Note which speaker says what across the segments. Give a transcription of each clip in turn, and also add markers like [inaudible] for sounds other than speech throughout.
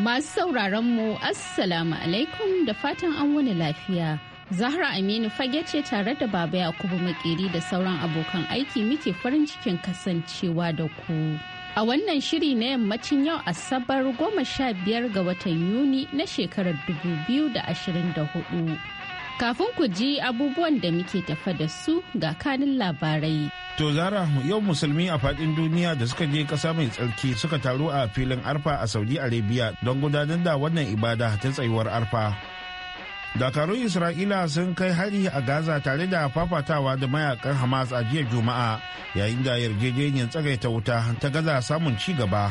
Speaker 1: Masu sauraron mu Assalamu alaikum da fatan an wani lafiya. Zahra Aminu fage ce tare da Baba Yakubu Makeri da sauran abokan aiki muke farin cikin kasancewa da ku. A wannan shiri na yammacin yau Asabar goma sha biyar ga watan Yuni na shekarar dubu biyu da da hudu. Kafin ku ji abubuwan da muke tafa da su ga kanin labarai.
Speaker 2: To Zara yau musulmi a fadin duniya da suka je kasa mai tsarki suka taru a filin Arfa a Saudi Arabia don gudanar da wannan ibada ta tsayuwar Arfa. Dakarun Isra'ila sun kai hari a Gaza tare da fafatawa da mayakan Hamas a jiya Juma'a yayin da yarjejeniyar tsagaita wuta ta gaza samun ci gaba.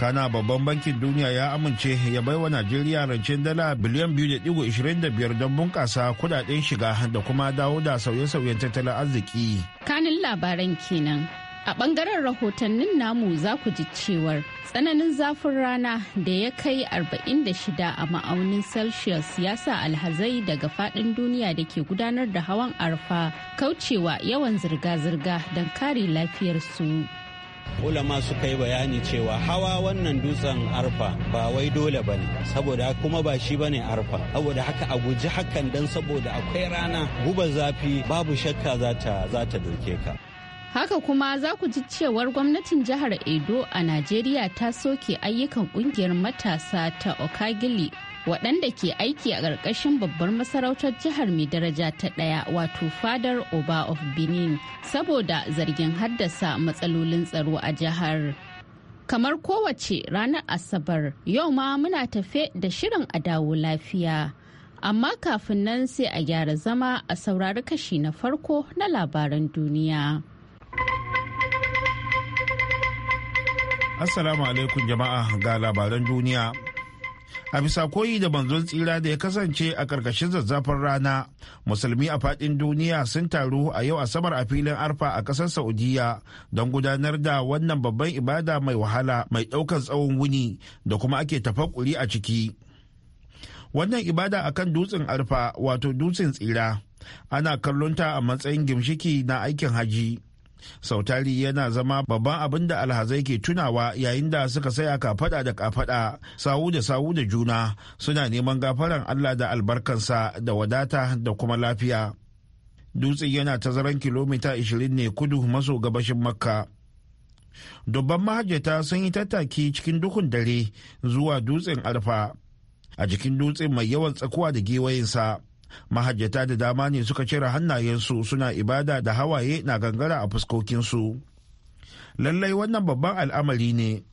Speaker 2: kana babban bankin duniya ya amince ya bai wa najeriya rancen dala biliyan 2.25 don bunkasa kudaden shiga da kuma dawo da sauye-sauyen tattalin arziki
Speaker 1: kanin labaran kenan a bangaren rahotannin namu za ku ji cewar tsananin zafin rana da ya kai 46 a ma'aunin celsius ya sa alhazai daga fadin duniya da ke gudanar da hawan arfa kaucewa yawan zirga-zirga don kare lafiyarsu. su
Speaker 3: ulama suka yi bayani cewa hawa wannan dutsen arfa ba wai dole ba ne saboda kuma ba shi ba ne arfa saboda haka a guji hakan don saboda akwai rana guba zafi babu shakka za ta doke ka
Speaker 1: Haka kuma za ku ji cewar gwamnatin jihar Edo a Najeriya ta soke ayyukan kungiyar matasa ta Okagili waɗanda ke aiki a ƙarƙashin babbar masarautar jihar mai daraja ta ɗaya wato fadar oba of benin saboda zargin haddasa matsalolin tsaro a jihar kamar kowace ranar asabar yau ma muna tafe da shirin a dawo lafiya amma kafin nan sai a gyara zama a saurari kashi na farko na labaran duniya.
Speaker 2: Assalamu alaikum jama'a ga labaran duniya a bisa koyi da manzon tsira da ya kasance a ƙarƙashin zazzafin rana musulmi a faɗin duniya sun taru a yau asabar a filin arfa a ƙasar saudiya don gudanar da wannan babban ibada mai wahala mai ɗaukar tsawon wuni da kuma ake tafakuri a ciki wannan ibada a kan dutsen arfa wato dutsen tsira ana kallonta a matsayin gimshiki na aikin haji sautari yana zama babban abin da alhazai ke tunawa yayin da suka saya kafada da kafada sawu da sawu da juna suna neman gafaran allah da albarkansa da wadata da kuma lafiya dutsen yana tazaran kilomita 20 ne kudu maso gabashin makka dubban mahajjata sun yi tattaki cikin duhun dare zuwa dutsen arfa a jikin dutsen mai yawan tsakuwa da gewayinsa mahajjata da dama ne suka cire hannayensu suna ibada da hawaye na gangara a fuskokinsu lallai wannan babban al'amari ne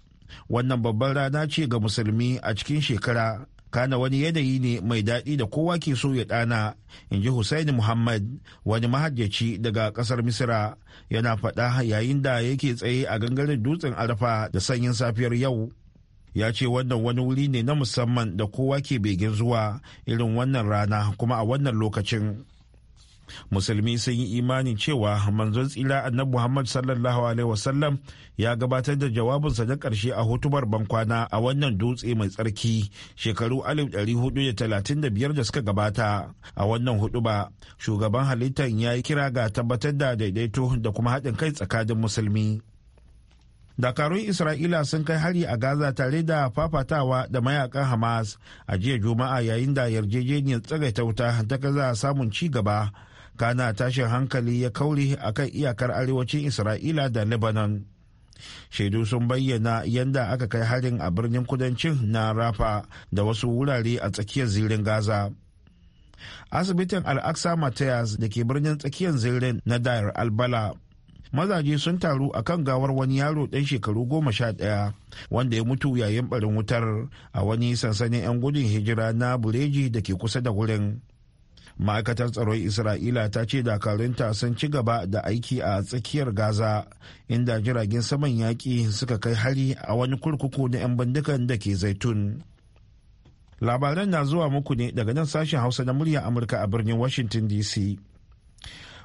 Speaker 2: wannan babban rana ce ga musulmi a cikin shekara kana wani yanayi ne mai daɗi da kowa ke so ya ɗana in ji Hussaini muhammad wani mahajjaci daga ƙasar misira yana faɗa yayin da yake tsaye a gangaren dutsen arafa da sanyin safiyar yau ya ce wannan wani wuri ne na musamman da kowa ke begen zuwa irin wannan rana kuma a wannan lokacin musulmi sun yi imanin cewa manzon tsira annabi muhammad sallallahu alaihi wasallam ya gabatar da jawabinsa na karshe a hutubar bankwana a wannan dutse mai tsarki shekaru 1435 da suka gabata a wannan hutuba shugaban halittar ya yi kira ga tabbatar da daidaito da kuma haɗin kai tsakanin musulmi dakarun isra'ila sun kai hari a gaza tare da fafatawa da mayakan hamas a jiya juma'a yayin da yarjejeniyar tsagaita wuta ta gaza samun ci gaba kana tashin hankali ya kauri kan iyakar arewacin isra'ila da lebanon shaidu sun bayyana yadda aka kai harin a birnin kudancin na rafa da wasu wurare a tsakiyar zirin gaza asibitin al-aqsa matthias da ke birnin tsakiyar zirin na dayar albala mazaje sun taru a kan gawar wani yaro ɗan shekaru goma sha ɗaya wanda ya mutu yayin barin wutar a wani sansanin 'yan gudun hijira na bureji da ke kusa da wurin ma'aikatar tsaron isra'ila ta ce dakarunta sun ci gaba da aiki a tsakiyar gaza inda jiragen saman yaƙi suka kai hari a wani kurkuku na 'yan bindigan da ke zaitun labaran na zuwa muku ne daga nan sashen hausa na murya amurka a birnin washington dc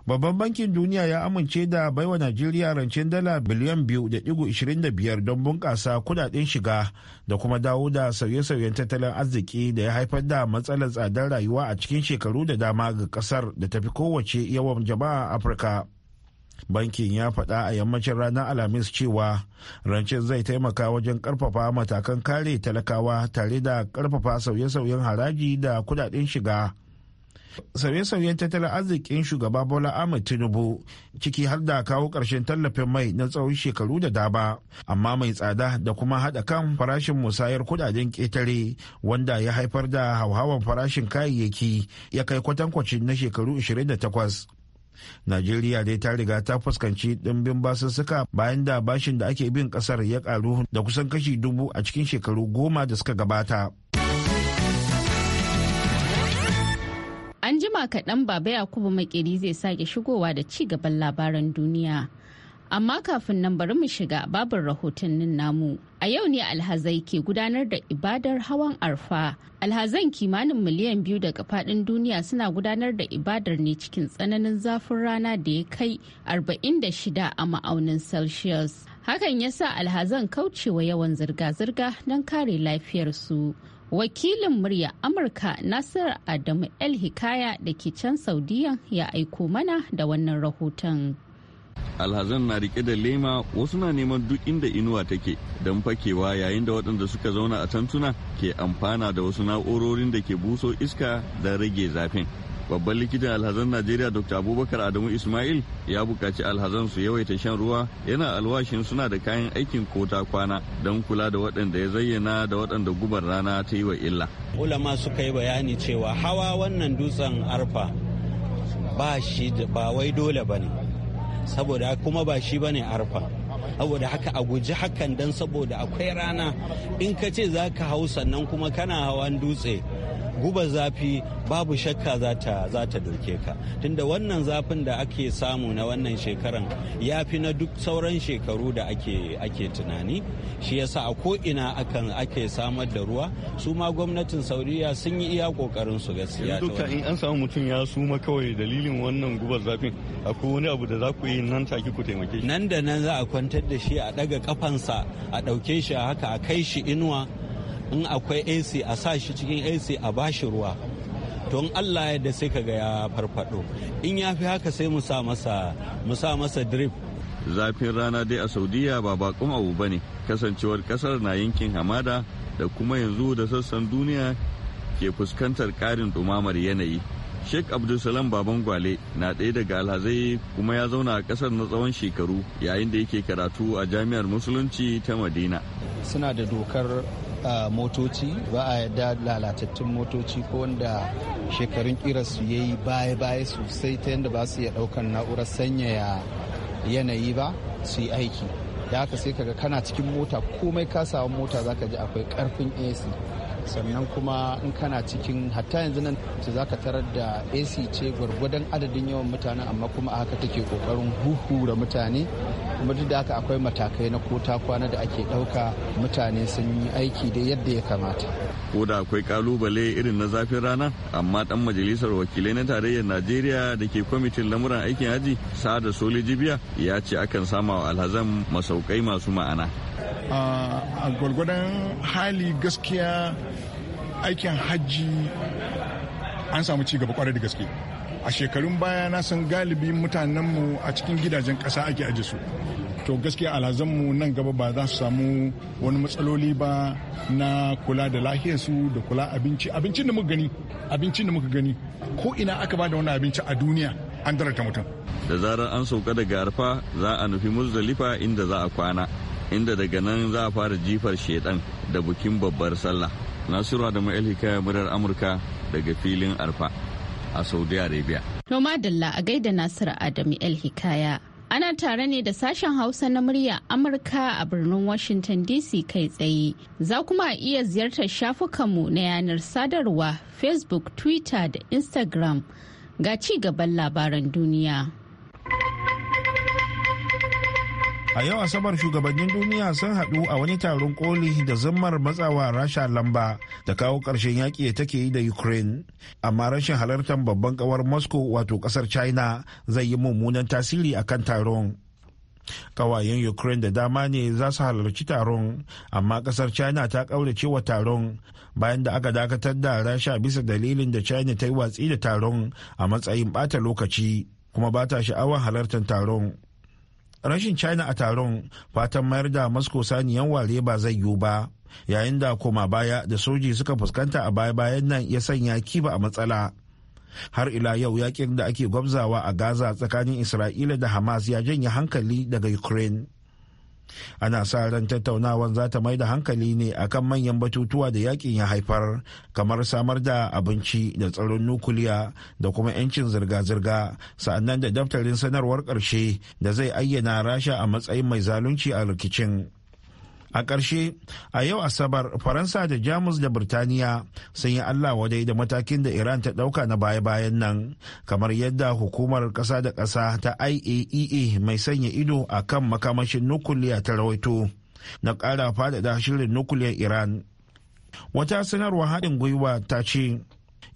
Speaker 2: Babban bankin duniya ya amince da baiwa Najeriya rancen dala biliyan biyu da ɗigu ishirin biyar don bunƙasa kudaden shiga da kuma dawo da sauye-sauyen tattalin arziki da ya haifar da matsalar tsadar rayuwa a cikin shekaru da dama ga ƙasar da tafi kowace yawan jama'a Afirka. bankin ya faɗa a yammacin ranar alhamis cewa rancen zai taimaka wajen ƙarfafa matakan kare talakawa tare da ƙarfafa sauye-sauyen haraji da kudaden shiga Sauye-sauyen tattalin arzikin shugaba Bola Ahmed Tinubu ciki har da kawo ƙarshen tallafin mai na tsawon shekaru da daba, amma mai tsada da kuma haɗa kan farashin musayar kudaden ƙetare wanda ya haifar da hauhawan farashin kayayyaki ya kai kwatankwacin na shekaru 28. Najeriya dai ta riga ta fuskanci ɗimbin basussuka bayan da bashin da ake bin ƙasar ya ƙaru da kusan kashi dubu a cikin shekaru goma da suka gabata.
Speaker 1: An jima kaɗan Baba Yakubu Makeri zai sake shigowa da ci gaban labaran duniya. Amma kafin nan bari mu shiga babin rahotannin namu. A yau ne alhazai ke gudanar da ibadar hawan arfa. Alhazan kimanin miliyan biyu daga faɗin duniya suna gudanar da ibadar ne cikin tsananin zafin rana da ya kai 46 a ma'aunin Celsius. Hakan ya sa alhazan kaucewa yawan zirga-zirga don kare lafiyarsu. wakilin murya amurka nasir adamu el hikaya da ke can saudiya ya aiko mana da wannan rahoton
Speaker 4: alhazan na rike da lema wasu na neman duk inda inuwa take don fakewa yayin da waɗanda suka zauna a tantuna ke amfana da wasu na'urorin da ke buso iska da rage zafin babban likitan alhazan najeriya dr abubakar adamu ismail ya bukaci alhazan su yawaita shan ruwa yana alwashin suna da kayan aikin kota kwana don kula da waɗanda ya zayyana da waɗanda gubar rana ta yi wa illa ulama suka yi bayani cewa
Speaker 3: hawa wannan dutsen arfa ba shi ba wai dole ba ne saboda kuma ba shi ba ne arfa saboda haka a guji hakan don saboda akwai rana in ka ce za ka hau sannan kuma kana hawan dutse guba zafi babu shakka za ta doke ka tunda wannan zafin da ake samu na wannan shekaran ya fi na duk sauran shekaru da ake, tunani shi yasa a ko'ina ake samar da ruwa su ma gwamnatin saudiya sun yi iya kokarin su
Speaker 4: gaskiya da in an samu mutum ya suma kawai dalilin wannan gubar zafin akwai wani abu da za ku yi nan take ku taimake shi nan da nan za a
Speaker 3: kwantar da shi a daga kafansa a ɗauke shi a haka a kai shi inuwa in akwai ac a sa shi cikin ac a bashi ruwa to in allah yadda sai kaga ya farfado in ya fi haka sai mu sa masa mu sa masa drip
Speaker 4: zafin rana dai a saudiya ba bakon abu ba ne kasancewar kasar na yankin hamada da kuma yanzu da sassan duniya ke fuskantar karin dumamar yanayi sheikh abdulsalam baban gwale na ɗaya daga alhazai kuma ya zauna a ƙasar na tsawon shekaru yayin da yake karatu a jami'ar musulunci ta madina
Speaker 3: suna da dokar motoci ba a yadda lalatattun motoci ko wanda shekarun kirarsu ya yi baya-baya sosai ta yadda ba su iya ɗaukan na'urar sanyaya yanayi ba su yi aiki da haka sai kaga kana cikin mota komai kasawan mota za ka ji akwai karfin ac sannan kuma in kana cikin hatta yanzu nan su za ka tarar da ac ce gwargwadon adadin yawan mutane amma kuma a haka take kokarin huhura mutane kuma duk da haka akwai matakai na kota kwana da ake ɗauka mutane sun yi aiki da yadda ya kamata
Speaker 4: ko da akwai kalubale irin na zafin rana amma dan majalisar wakilai na tarayyar najeriya da ke kwamitin lamuran aikin haji sada soli jibiya ya ce akan samawa alhazan masaukai masu ma'ana
Speaker 5: a gwargwadon hali gaskiya aikin hajji an samu ci gaba kwarai da gaske a shekarun baya na san galibi mutanenmu a cikin gidajen ƙasa ake aje su to gaskiya alhazanmu nan gaba ba za su samu wani matsaloli ba na kula da lahiyarsu da kula abinci abincin da muka gani abincin da muka gani ko ina aka ba da wani abinci a duniya an darata mutum
Speaker 4: da zarar an sauka daga arfa za a nufi muzdalifa inda za a kwana inda daga nan za a fara jifar shedan da bukin babbar sallah nasiru da ma'il hikaya murar amurka daga filin arfa a saudi arabia
Speaker 1: noma dalla a gaida nasiru adamu el hikaya ana tare ne da sashen hausa na murya amurka a birnin washington dc kai tsaye za kuma a iya ziyartar shafukanmu na yanar sadarwa facebook twitter da instagram ga ci gaban labaran duniya
Speaker 2: a yau asabar shugabannin duniya sun haɗu a wani taron koli da zammar matsawa rasha lamba da kawo ƙarshen yaƙi da take yi da ukraine amma rashin halartar babban kawar moscow wato ƙasar china zai yi mummunan tasiri a kan taron kawayen ukraine da dama ne za su halarci taron amma ƙasar china ta kaurace cewa taron bayan da aka dakatar da rasha bisa dalilin da china ta yi watsi da taron a matsayin ɓata lokaci kuma ba ta sha'awar halartar taron rashin china a taron fatan mayar da moscow saniyan ware ba zai yiwu ba yayin da koma baya da soji suka fuskanta a baya-bayan nan ya sanya kiba a matsala har ila yau yakin da ake gwabzawa a gaza tsakanin isra'ila da hamas ya janye hankali daga ukraine ana sa ran tattaunawar za ta mai da hankali ne akan manyan batutuwa da yakin ya haifar kamar samar da abinci da tsaron nukuliya da kuma 'yancin zirga-zirga sa'annan da daftarin sanarwar ƙarshe da zai ayyana rasha a matsayin mai zalunci a rikicin a ƙarshe a yau asabar faransa da jamus da birtaniya sun yi allah wadai da matakin da iran ta ɗauka na baya-bayan nan kamar yadda hukumar ƙasa da ƙasa ta iaea e mai sanya ido a kan makamashin nukuliya ta rawaito na ƙara faɗaɗa shirin nukuliyar iran wata sanarwa haɗin gwiwa ta ce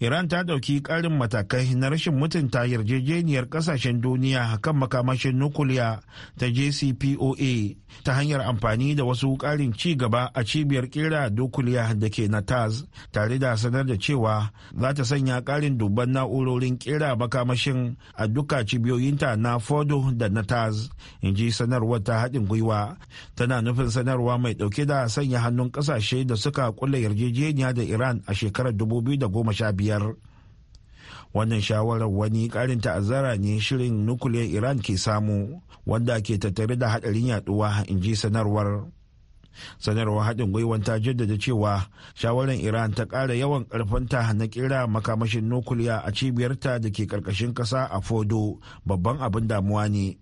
Speaker 2: iran ta ɗauki ƙarin matakai na rashin mutunta yarjejeniyar ƙasashen duniya kan makamashin nukuliya ta jcpoa ta hanyar amfani da wasu ƙarin ci gaba a cibiyar ƙera nukuliya da ke natas tare da sanar da cewa za ta sanya ƙarin dubban na'urorin ƙira makamashin a duka cibiyoyinta na fordo da natas in ji sanarwar ta haɗin gwiwa tana nufin sanarwa mai ɗauke da sanya hannun ƙasashe da suka kulle yarjejeniya da iran a shekarar 2015 biyar wannan shawarar wani karin ta'azzara ne shirin nukuliyar iran ke samu wanda ke tattare da hadarin yaduwa in ji sanarwar sanarwar haɗin gwiwan ta jaddada cewa shawarar iran ta ƙara yawan ƙarfinta na ƙira makamashin nukuliya a cibiyarta da ke ƙarƙashin ƙasa a fodo babban abin damuwa ne.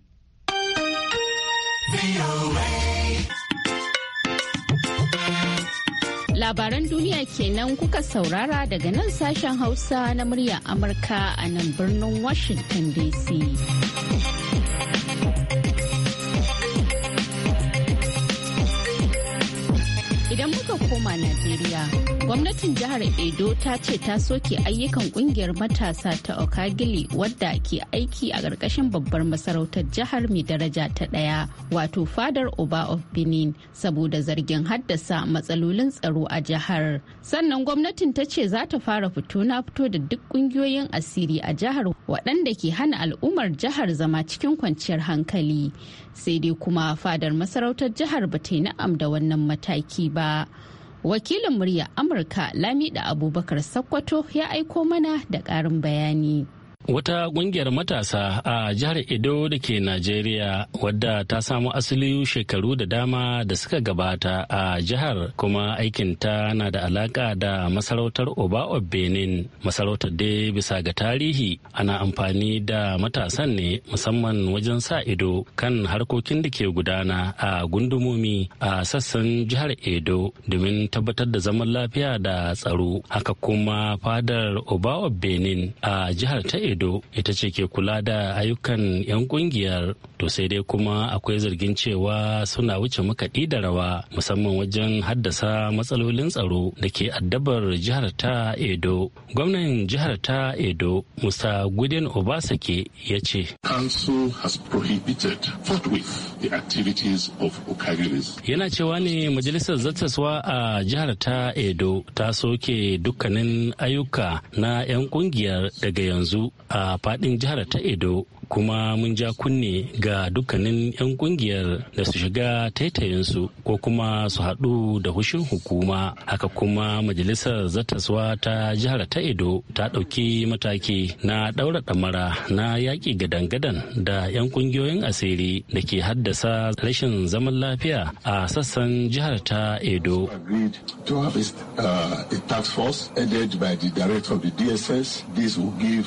Speaker 1: labaran duniya kenan kuka saurara daga nan sashen hausa na murya amurka a nan birnin washington dc idan muka koma najeriya Gwamnatin jihar Edo ta ce ta soke ayyukan kungiyar matasa ta Okagili wadda ke aiki a ƙarƙashin babbar masarautar jihar mai daraja ta ɗaya wato fadar Oba of Benin saboda zargin haddasa matsalolin tsaro a jihar. Sannan gwamnatin ta ce za ta fara fito na fito da duk kungiyoyin asiri a jihar waɗanda ke hana al'ummar jihar zama cikin kwanciyar hankali. Sai dai kuma fadar masarautar jihar ba ta yi na'am da wannan mataki ba. wakilin murya amurka lamida abubakar sakkwato ya aiko mana da ƙarin bayani
Speaker 6: Wata ƙungiyar matasa a jihar Edo da ke Najeriya wadda ta samu asali shekaru da dama da suka gabata a jihar kuma aikinta na da alaka da masarautar Oba of Benin. Masarautar da bisa ga tarihi ana amfani da matasan ne musamman wajen sa ido kan harkokin da ke gudana a gundumomi a sassan jihar Edo domin tabbatar da zaman lafiya da tsaro. Haka kuma fadar Oba of Benin a jihar ta Edo. edo ita ce ke kula da ayyukan 'yan kungiyar to sai dai kuma akwai zargin cewa suna wuce makaɗi da rawa musamman wajen haddasa matsalolin tsaro da ke addabar jihar ta edo gwamnan jihar ta edo musa gudin obasake ya ce
Speaker 5: council has prohibited forthwith the activities of
Speaker 6: Okagiris. Yana cewa ne majalisar zartaswa a jihar ta Edo ta soke dukkanin ayyuka na 'yan kungiyar daga yanzu a fadin jihar ta Edo. kuma mun ja kunne ga dukkanin 'yan kungiyar da su shiga taitayensu ko kuma su haɗu da hushin hukuma haka kuma majalisar zartaswa ta jihar ta edo ta ɗauki mataki na ɗaura ɗamara na yaƙi gadan-gadan da 'yan kungiyoyin asiri da ke haddasa haddasa rashin zaman lafiya a sassan jihar ta Edo. To uh, by the
Speaker 5: the DSS, this will the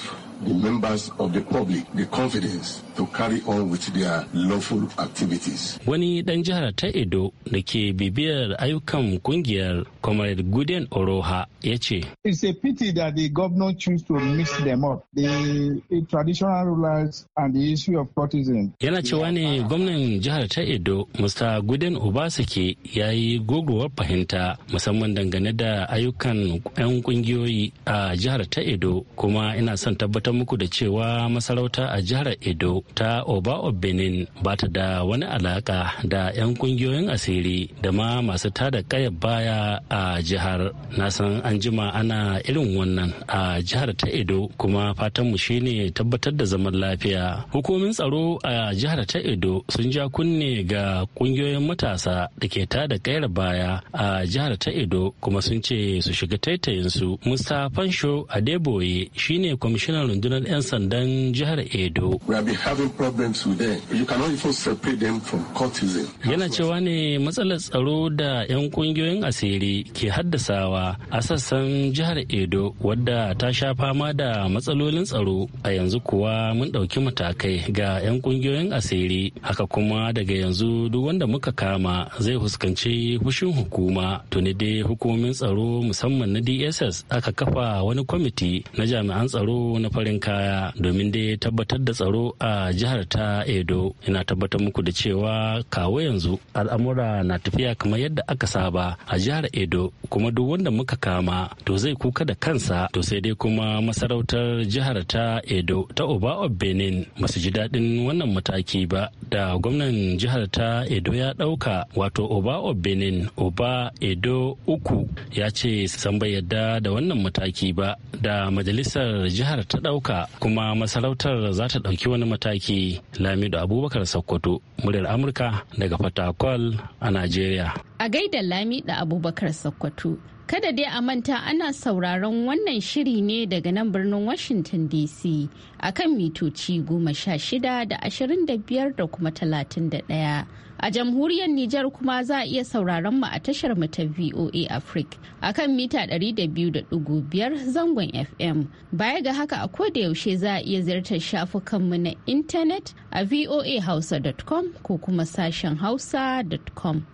Speaker 5: members of the public the confidence to carry on with their lawful activities.
Speaker 6: Wani ɗan jihar ta Edo da ke bibiyar ayyukan kungiyar Comrade Guden Oroha ya ce.
Speaker 2: It's a pity that the governor choose to mix them up, the, traditional rulers and the issue of partisan.
Speaker 6: Yana cewa ne gwamnan jihar ta Edo, Mr. Guden Obasake ya yi gogowar fahimta musamman dangane da ayyukan 'yan kungiyoyi a jihar ta Edo kuma ina son tabbatar muku da cewa masarauta a jihar Edo ta oba of benin ba ta da wani alaka da 'yan kungiyoyin asiri da ma masu tada kaya baya a jihar na san an jima ana irin wannan a jihar ta edo kuma fatanmu shine tabbatar da zaman lafiya hukumin tsaro a jihar ta edo sun ja kunne ga kungiyoyin matasa da ke tada kayar baya a jihar ta edo kuma sun ce su shiga taitayinsu mustapha fansho adeboye shine kwamishinan rundunar 'yan sandan jihar edo Yana cewa ne matsalar tsaro da 'yan kungiyoyin asiri ke haddasawa a sassan jihar Edo wadda ta sha fama da matsalolin tsaro a yanzu kuwa mun ɗauki matakai ga 'yan kungiyoyin asiri haka kuma daga yanzu duk wanda muka kama zai fuskanci hushin hukuma tuni dai hukumomin tsaro musamman na DSS aka kafa wani kwamiti na jami'an tsaro na farin kaya domin dai tabbatar da tsaro a jihar ta edo ina tabbatar muku da cewa kawo yanzu al'amura na tafiya kamar yadda aka saba a jihar edo kuma duk wanda muka kama to zai kuka da kansa to sai dai kuma masarautar jihar ta edo ta oba of benin masu ji daɗin wannan mataki ba da gwamnan jihar ta edo ya ɗauka wato oba of benin oba edo uku ya ce san bai yadda da wannan mataki ba da majalisar jihar ta ɗauka kuma masarautar za ta ɗauki wani mataki ake lamido abubakar sokoto muryar amurka daga fatakwal a najeriya
Speaker 1: a gaida lamido abubakar sokoto Kada dai a manta ana sauraron wannan shiri ne daga nan birnin Washington DC a kan mitoci goma sha shida da ashirin da biyar da kuma talatin da ɗaya. A jamhuriyar Nijar kuma za a iya sauraron mu a tashar mu ta VOA Africa a kan mita ɗari da da biyu biyar zangon FM. Baya ga haka a ko da yaushe za a iya ziyartar shafukan mu na intanet a voahausa.com ko kuma sashen hausa.com.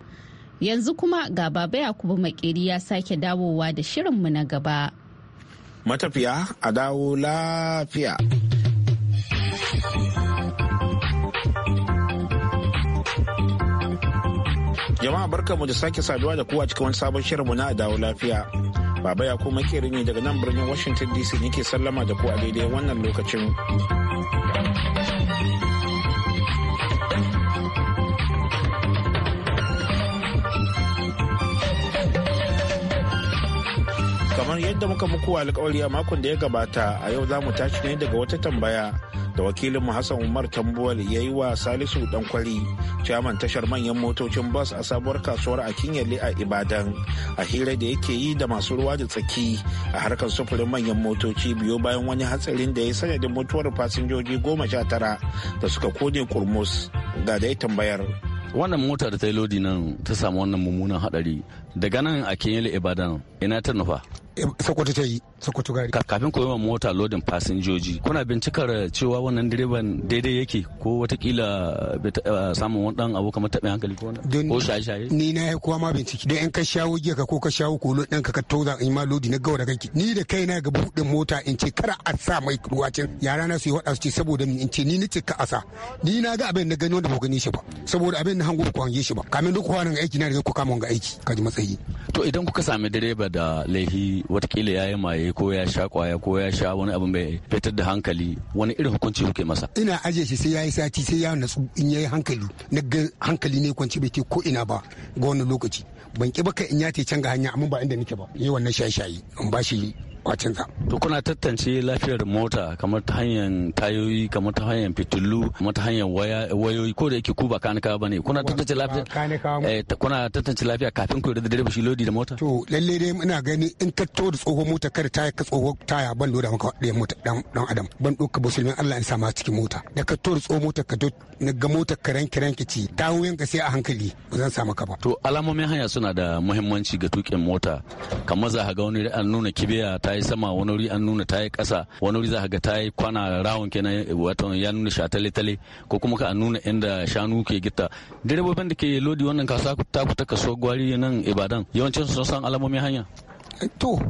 Speaker 1: Yanzu kuma ga baba Yakubu Makeri ya sake dawowa da shirinmu na gaba.
Speaker 2: Matafiya a dawo lafiya. Jama'a barkanmu da sake saduwa da kowa cikin wani sabon shirinmu na dawo lafiya. Baba ya kuma ne daga nan birnin Washington DC nake sallama da ku a daidai wannan lokacin. kamar yadda muka muku alkawari a makon da ya gabata a yau za mu tashi ne daga wata tambaya da wakilin mu Hassan Umar Tambuwal ya yi wa Salisu Dan kwari chairman tashar manyan motocin bus a sabuwar kasuwar a Kinyale a Ibadan a hira da yake yi da masu ruwa da tsaki a harkar sufurin manyan motoci biyo bayan wani hatsarin da ya sanadin mutuwar fasinjoji goma sha tara da suka kone kurmus ga dai tambayar.
Speaker 7: wannan mota da ta yi lodi nan ta samu wannan mummunan hadari daga nan a kenyele ibadan ina ta nufa
Speaker 8: eh, sokoto ta yi sokoto gari
Speaker 7: kafin ku yi mota lodin fasinjoji kuna bincikar cewa wannan direban daidai yake ko watakila eh, samun wani abu kamar taɓin hankali ko shaye-shaye
Speaker 8: ni na yi kowa ma binciki don in ka shawo giya ka ko ka shawo kolo ɗan ka ka in ma lodi na gawa da kanki ni da kaina ga buɗin mota in ce kara a sa mai ruwacin yara na su yi waɗa su ce saboda in ce ni ni ce ka a sa ni na ga abin na gani wanda ba gani shi ba saboda abin na hango ku hange shi ba kamin duk kwanan aiki na riga ku kama wanga aiki ka ji matsayi yi
Speaker 7: to idan kuka sami direba da laifi watakila ya yi maye ko ya sha kwaya ko ya sha wani abu mai fitar da hankali wani irin hukunci kuke masa
Speaker 8: ina ajiye shi sai ya yi sati sai ya natsu in ya yi hankali na ga hankali ne kwanci bai ke ko ina ba ga wani lokaci ban ki baka in ya te can ga hanya amma ba inda nake ba yi wannan shaye-shaye
Speaker 7: in ba shi kwacinsa. To kuna tantance lafiyar mota kamar ta hanyar tayoyi kamar ta hanyar fitilu kamar ta hanyar wayoyi ko da yake ku ba kanikawa ba ne kuna tantance lafiya eh, kuna tantance lafiya kafin ku da direba shi lodi da mota. To
Speaker 8: lalle dai ina gani in ka to da tsohon mota kada taya ka tsohon taya ban lura maka ɗaya mota dan adam ban ɗauka musulmin Allah in sama cikin mota da ka tori da tsohon mota ka na ga mota karen kiran ci tayoyin ka sai a hankali ba zan samu ka
Speaker 7: ba. To alamomin hanya suna da muhimmanci ga tuƙin mota kamar za ka ga wani an nuna kibiya ta yi sama wani wuri an nuna ta yi ƙasa wani wuri za ga ta yi kwana rawon kenan wato ya nuna sha tale tale ko kuma ka nuna inda shanu ke gita direbobin da ke lodi wannan kasa ta kuta kaso gwari nan ibadan yawancin sun san alamomin hanya
Speaker 8: to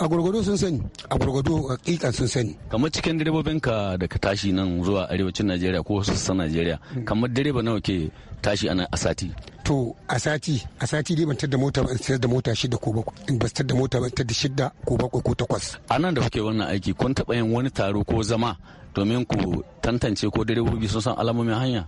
Speaker 8: a gurgudu sun sani a gurgudu hakikan sun sani
Speaker 7: kamar cikin direbobin ka da ka tashi nan zuwa arewacin najeriya ko sassan najeriya hmm. kamar direba nawa ke tashi ana asati
Speaker 8: to a sati a sati dai ban da mota ban sayar da mota shida ko bakwai in ban da mota ban da shida
Speaker 7: ko bakwai ko takwas a nan da kuke wannan aiki kun taɓa yin wani taro ko zama domin ku tantance ko direbobi sun san alamomin hanya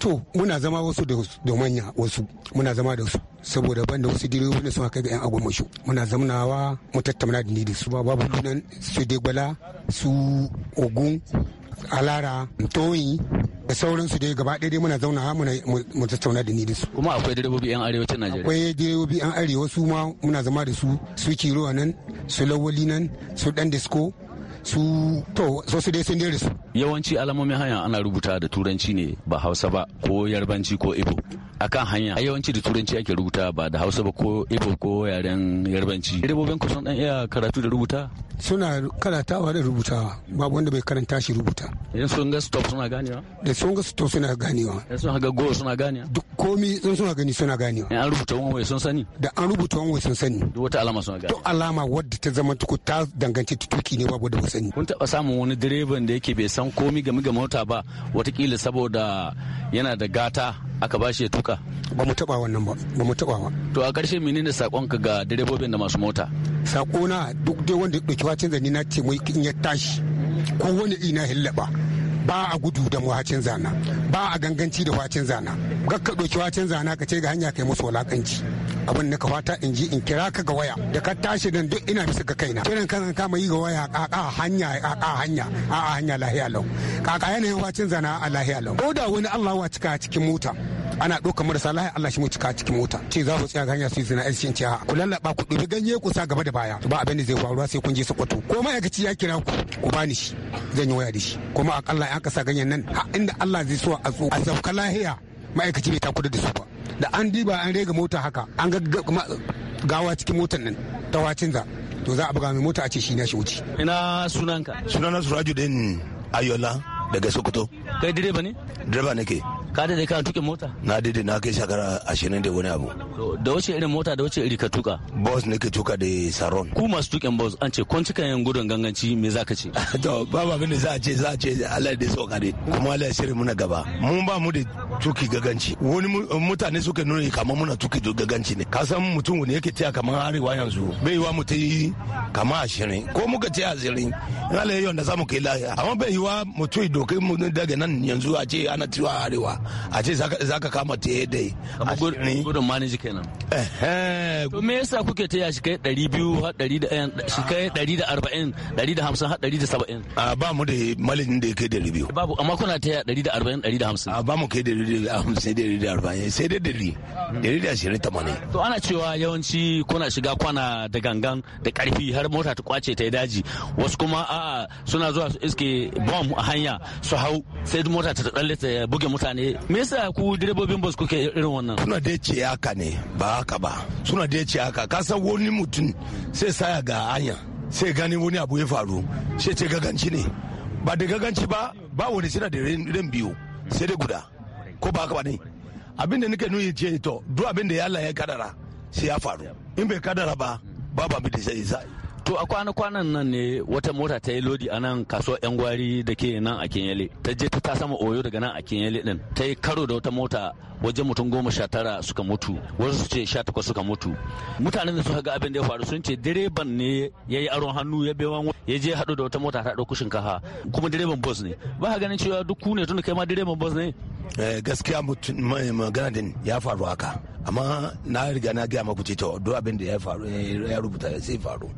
Speaker 8: to muna zama wasu da manya wasu muna zama da wasu saboda ban da wasu direbobi ne suna kai ga yan mashu muna zamanawa mu tattauna da ni da su babu dunan su degbala su ogun alara toyi da sauransu dai gaba ɗaya dai muna zauna ha muna mu tattauna da ni da su
Speaker 7: kuma akwai direbobi yan arewacin Najeriya akwai
Speaker 8: direbobi yan arewa su ma muna zama da su su kiro nan su lawali nan su dan disco su to so su dai sun su
Speaker 7: yawanci alamomin hanya ana rubuta da turanci ne ba hausa ba ko yarbanci ko ibo akan hanya a yawanci da turanci ake rubuta ba da hausa ba ko ibo ko yaren yarbanci ribobin ku sun dan iya karatu da rubuta
Speaker 8: suna karatawa da rubutawa babu wanda bai karanta shi rubuta
Speaker 7: idan sun ga stop suna ganewa
Speaker 8: da sun ga stop suna ganewa idan sun ga go suna ganewa duk komi sun suna gani
Speaker 7: suna ganewa an rubuta wani wai sun sani da an rubuta wani wai sun sani duk wata alama suna ganewa to
Speaker 8: alama wadda ta zama ta danganci tuki ne babu da sani kun taba
Speaker 7: samun wani direban da yake bai san komi game ga mota ba watakila saboda yana da gata aka ba shi ya tuka ba mu taba wannan ba ba mu taba ba to a ƙarshe menene sakonka ga direbobin da masu mota
Speaker 8: sakona duk dai wanda ya dauki wacin zani na ce mai in ya tashi ko wani ina hillaba ba a gudu da wacin zana ba a ganganci da wacin zana gakka ɗauki wacin zana ka ce ga hanya kai musu walakanci abin da ka fata in ji in kira ka ga waya da ka tashi nan duk ina bisa ga kaina kiran kan kama yi ga waya ka hanya ka hanya a hanya lahiya lau ka yanayin wacin zana a lahiya lau ko da wani Allah wa cika cikin mota ana ɗaukar marasa lahiya Allah shi mu cika cikin mota ce za su tsaya hanya su zina ai shin ciya ku lallaba ku dubi ganye ku sa gaba da baya ba abin da zai faruwa sai kun je Sokoto ko ma'aikaci ya kira ku ku bani shi zan yi waya da shi kuma akalla in aka sa ganyen nan inda Allah zai so a tso a sauka lahiya ma'aikaci bai takuda da su ba da an diba an rega mota haka an ga gawa cikin motar nan ta wacin za to za a buga mai mota a ce shi na shi wuce
Speaker 5: ina sunanka sunana suraju din ayola daga sokoto kai direba ne direba nake ka daidai ka tuke mota na daidai na kai shekara ashirin da wani abu da wace irin mota da wace iri ka tuka bus ne ka tuka da saron ku masu tuken bus an ce kun cika yin gudun ganganci me za ka ce [laughs] to babu abin da za a ce za a ce Allah da so kare kuma Allah ya shirye muna gaba mun ba mu da tuki gaganci wani mutane suka nuna kamar muna tuki da gaganci ne ka san mutum wani yake taya kamar arewa yanzu bai yiwa mu ta yi kamar ashirin ko muka ce azirin Allah ya yi wanda za mu kai lahiya amma bai yiwa mutum dokai mu daga nan yanzu a ce ana tiwa arewa a ce za ka kama ta dai a gudun maniji kenan
Speaker 7: to me yasa kuke taya shi kai 200 eh, shi
Speaker 5: kai 140 150 170 a ba mu da malin da ya kai 200 babu amma kuna taya 140 150 a ba mu kai 150 sai 140 sai dai 100 120 80 to ana
Speaker 7: cewa yawanci kuna shiga kwana da gangan da karfi har mota ta kwace ta daji wasu kuma a suna zuwa su iske bom a hanya su hau sai mota ta tsalle ta buge mutane me yasa ku direbobin bus kuke irin wannan
Speaker 5: suna da ce haka ne ba haka ba suna da ce haka ka san wani mutum sai saya ga hanya sai gani wani abu ya faru sai ce gaganci ne ba da gaganci ba ba wani suna da ran biyu sai da guda ko ba haka ba ne abinda nake nuni ce to duk abinda ya Allah ya kadara sai ya faru in bai kadara ba babu abin da zai To
Speaker 7: a kwana-kwanan nan ne wata mota ta yi lodi a nan kasuwar 'yan gwari da ke nan a Kenyale. Ta je ta sama oyo daga nan a Kenyale din. Ta yi karo da wata mota wajen mutum goma sha tara suka mutu wasu su ce sha takwas suka mutu mutanen da suka ga abin da ya faru sun ce direban ne ya yi aron hannu ya wani ya je haɗu da wata mota ta ɗauko shinkafa kuma direban bus ne ba ka ganin cewa
Speaker 5: duk ku ne tun da kai ma direban bus ne eh, gaskiya magana din ya faru haka amma na riga na gaya maku cewa duk abin da ya faru ya rubuta sai faru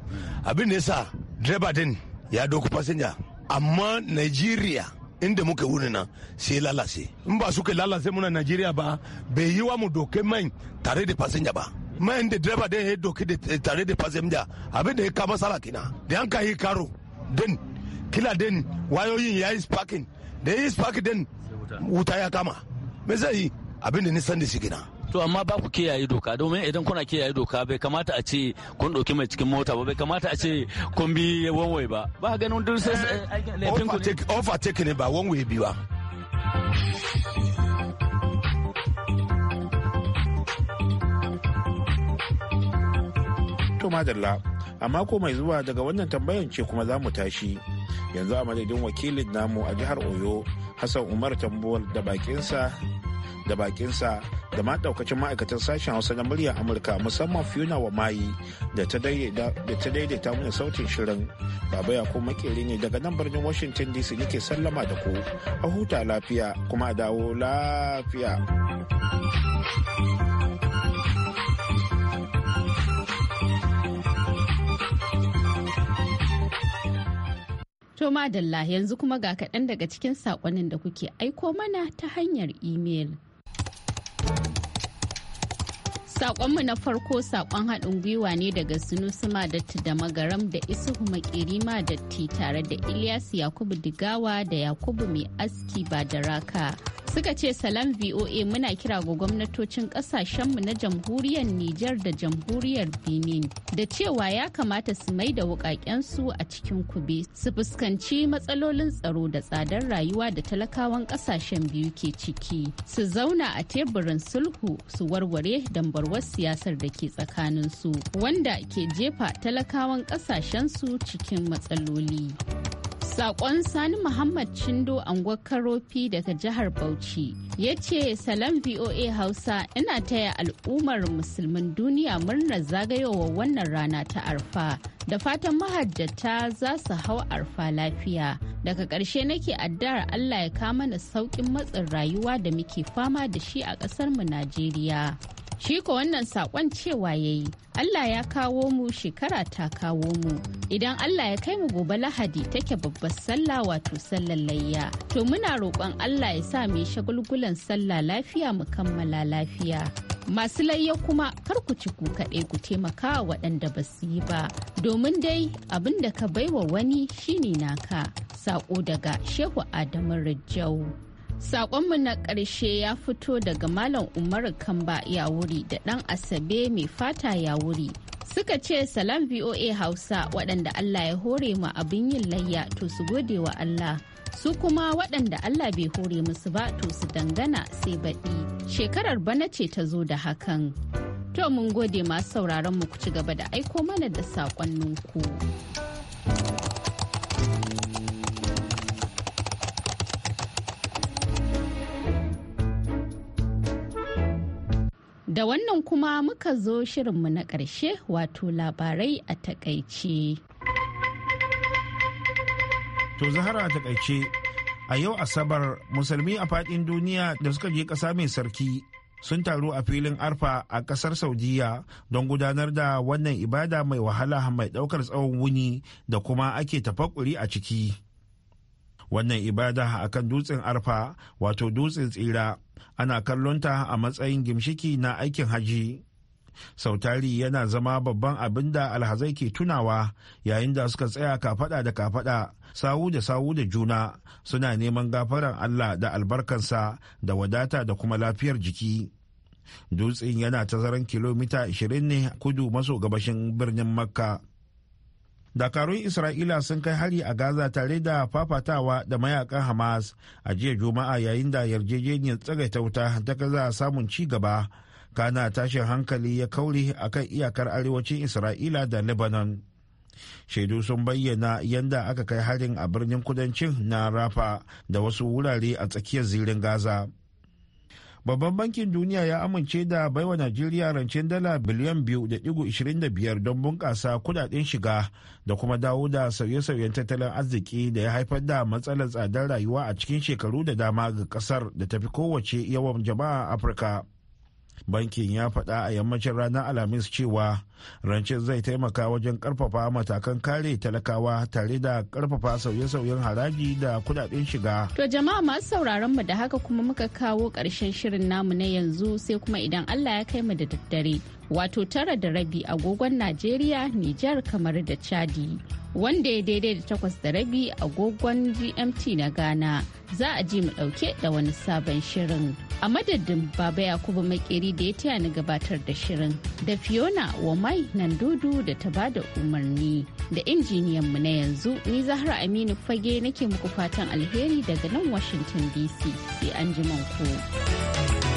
Speaker 5: abin da ya sa direba din ya doku fasinja amma nigeria inda muka wuri nan sai lalace in ba suka lalace muna najeriya ba bai yi wa mu doke mai tare da fasinja ba mai da direba da ya doke eh, tare da fasinja abin da ya kama sala kina da yanka yi karo din kila din wayoyin ya yi sparking da ya yi sparking din wuta ya kama me zai yi abin da nisan da shi kina to amma ba
Speaker 7: ku kiyaye doka domin idan kuna kiyaye doka bai kamata a ce kun ɗauki mai cikin mota ba bai kamata a ce
Speaker 5: kun bi wanwai ba ba ganin dun sai laifin ku take overtake ne ba wanwai bi
Speaker 2: ba to madalla a mako mai zuwa daga wannan tambayan ce kuma za mu tashi yanzu a madadin wakilin namu a jihar oyo hassan umar tambuwal da bakinsa da bakinsa da ma daukacin ma'aikatan sashen hausa na muryar amurka musamman fiona wa mayi da ta daidaita mana sautin shirin baba ya kuma makere ne daga nan birnin washington dc nake sallama da ku a huta lafiya kuma a dawo lafiya
Speaker 1: To Dalla yanzu kuma ga kaɗan daga cikin saƙonin da kuke aiko mana ta hanyar imel. Sakonmu na farko sakon haɗin gwiwa ne daga Sunusuma Datti da Magaram da Isuhu Makirima Datti tare da Ilyas Yakubu Digawa da Yakubu Mai Aski ba da raka. suka ce salam voa muna kira ga gwamnatocin kasashenmu na jamhuriyar niger da jamhuriyar benin da cewa ya kamata su mai da wukakensu a cikin kube su fuskanci matsalolin tsaro da tsadar rayuwa da talakawan kasashen biyu ke ciki su zauna a teburin sulhu su warware dambarwar siyasar da ke tsakaninsu wanda ke jefa talakawan su cikin matsaloli. Sakon Sani Muhammad Chindo Angwa Karofi daga jihar Bauchi ya ce salam VOA Hausa ina taya al'ummar musulmin duniya murnar zagayowar wannan rana ta arfa da fatan mahajjata za su hau arfa lafiya. Daga ƙarshe nake addu'ar Allah ya kama na sauƙin matsin rayuwa da muke fama da shi a ƙasarmu Najeriya. Shi ko wannan saƙon cewa ya yi, Allah ya kawo mu shekara ta kawo mu. Idan Allah ya kai mu gobe Lahadi take babbar sallah wato sallar layya. To muna roƙon Allah ya sa mai shagulgulan sallah lafiya mu kammala lafiya. masu layya kuma kar ku ci ku kaɗai ku taimaka waɗanda ba su yi ba domin dai abin da ka baiwa wani shine naka saƙo daga shehu adamu rajau Sakonmu na ƙarshe ya fito daga Malam Umaru Kamba ya wuri da ɗan Asabe mai fata ya wuri. Suka ce salam VOA Hausa waɗanda Allah ya hore mu abin yin layya to su gode wa Allah. Su kuma waɗanda Allah bai hore musu ba to su dangana sai baɗi. Shekarar bana ce ta zo da hakan. To mun gode masu sauraron mu ku ci gaba da aiko mana da saƙonninku. ku. Da wannan kuma muka zo shirinmu na ƙarshe wato labarai a takaice.
Speaker 2: To Zahara a takaice, a yau Asabar musulmi a faɗin duniya da suka je ƙasa mai sarki sun taru a filin arfa a ƙasar Saudiya don gudanar da wannan ibada mai wahala mai ɗaukar tsawon wuni da kuma ake tafakuri a ciki. wannan ibada a kan dutsen arfa wato dutsen tsira ana kallonta a matsayin gimshiki na aikin haji sautari yana zama babban abin da alhazai ke tunawa yayin da suka tsaya kafada da kafada sawu da sawu da juna suna neman gafaran allah da albarkansa da wadata da kuma lafiyar jiki dutsen yana tazaran kilomita 20 ne kudu maso gabashin birnin makka dakarun isra'ila sun kai hari a gaza tare da fafatawa da mayakan hamas a jiya juma'a yayin da yarjejeniyar tsagaita wuta ta gaza samun ci gaba kana tashin hankali ya kauri akan iyakar arewacin isra'ila da lebanon shaidu sun bayyana yadda aka kai harin a birnin kudancin na rafa da wasu wurare a tsakiyar zirin gaza babban bankin duniya ya amince da baiwa najeriya rancen dala biliyan biyu da digo ishirin da biyar don bunƙasa kudaden shiga da kuma dawo da sauye-sauyen tattalin arziki da ya haifar da matsalar tsadar rayuwa a cikin shekaru da dama ga ƙasar da tafi kowace yawan jama'a afirka bankin ya faɗa a yammacin ranar alhamis cewa rancen zai taimaka wajen karfafa matakan kare talakawa tare da karfafa sauye-sauyen haraji da kudaden shiga.
Speaker 1: To jama'a masu sauraron mu da haka kuma muka kawo ƙarshen shirin namu na yanzu sai kuma idan Allah ya kai mu da daddare wato tara da rabi agogon Najeriya, Nijar kamar da Chadi. wanda ya daidai da takwas da rabi agogon gmt na ghana za a ji mu dauke da wani sabon shirin a madadin baba yakubu makeri da ya taya ni gabatar da shirin da fiona mai nan dudu da ta ba da umarni da injiniyan mu na yanzu ni zahra aminu fage nake muku fatan alheri daga nan washington dc sai an ku.